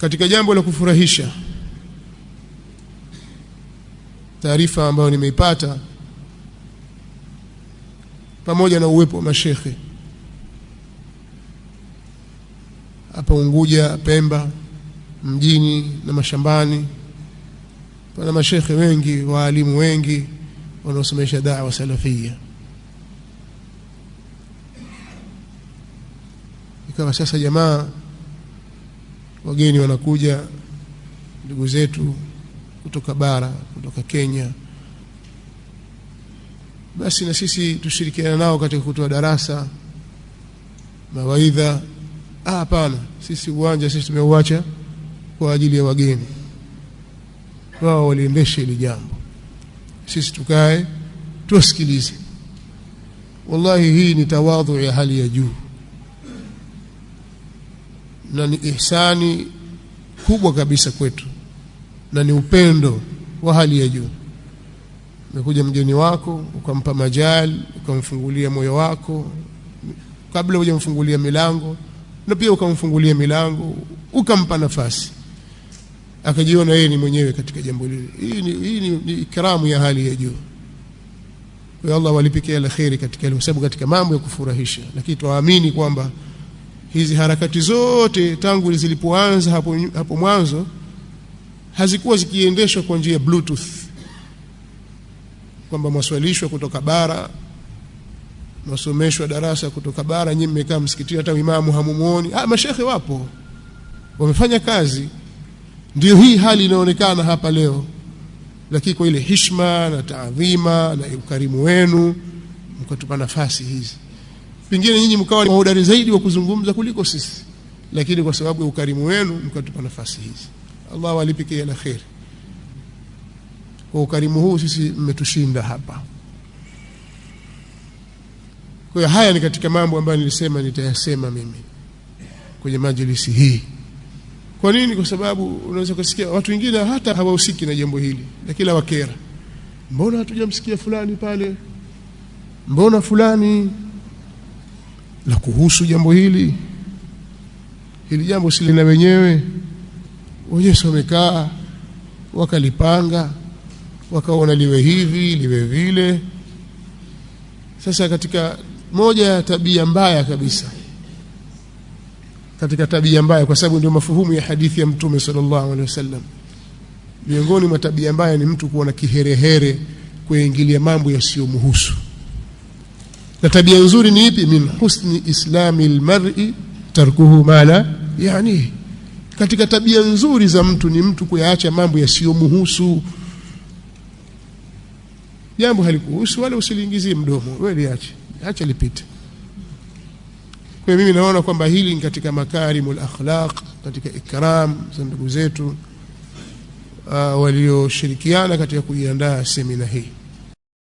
Katika jambo la kufurahisha, taarifa ambayo nimeipata pamoja na uwepo wa mashekhe hapa Unguja, Pemba mjini na mashambani, pana mashekhe wengi, waalimu wengi wanaosomesha dawa salafia. Ikawa sasa jamaa wageni wanakuja, ndugu zetu kutoka bara, kutoka Kenya, basi na sisi tushirikiana nao katika kutoa darasa, mawaidha. Ah, hapana, sisi uwanja sisi tumeuacha kwa ajili ya wageni, wao waliendesha hili jambo, sisi tukae tuwasikilize. Wallahi, hii ni tawadhu ya hali ya juu na ni ihsani kubwa kabisa kwetu na ni upendo wa hali ya juu. Umekuja mgeni wako ukampa majali, ukamfungulia moyo wako kabla hujamfungulia milango, na pia ukamfungulia milango, ukampa nafasi akajiona yeye ni mwenyewe katika jambo lile. Hii ni, hii ni, ni ikramu ya hali ya juu. Kwa Allah walipikia la kheri katika hilo, sababu katika mambo ya kufurahisha, lakini tuamini kwamba hizi harakati zote tangu zilipoanza hapo, hapo mwanzo hazikuwa zikiendeshwa kwa njia bluetooth kwamba mwaswalishwa kutoka bara mwasomeshwa darasa kutoka bara nyinyi mmekaa msikitini hata imamu hamumuoni ah mashehe wapo wamefanya kazi ndio hii hali inaonekana hapa leo lakini kwa ile hishma na taadhima na ukarimu wenu mkatupa nafasi hizi pengine nyinyi mkawa mahodari zaidi wa kuzungumza kuliko sisi, lakini kwa sababu ya ukarimu wenu mkatupa nafasi hizi. Allah walipe kila la kheri. Kwa ukarimu huu sisi mmetushinda hapa. Kwa hiyo haya ni katika mambo ambayo nilisema nitayasema mimi kwenye majlisi hii. Kwa nini? Kwa sababu unaweza kusikia watu wengine hata hawahusiki na jambo hili, lakini wakera, mbona hatujamsikia fulani pale, mbona fulani na kuhusu jambo hili hili jambo si lina wenyewe wenyewe, wamekaa wakalipanga, wakaona liwe hivi liwe vile. Sasa katika moja ya tabia mbaya kabisa, katika tabia mbaya, kwa sababu ndio mafuhumu ya hadithi ya Mtume sallallahu alaihi wasallam, miongoni mwa tabia mbaya ni mtu kuona kiherehere kuingilia mambo yasiyomhusu na tabia nzuri ni ipi? min husni islami lmari tarkuhu mala yani, katika tabia nzuri za mtu ni mtu kuyaacha mambo yasiyomuhusu. Jambo halikuhusu wala usiliingizie mdomo, wewe liache, acha lipite. Kwa mimi naona kwamba hili ni katika makarimul akhlaq, katika ikram za ndugu zetu uh, walioshirikiana katika kuiandaa semina hii.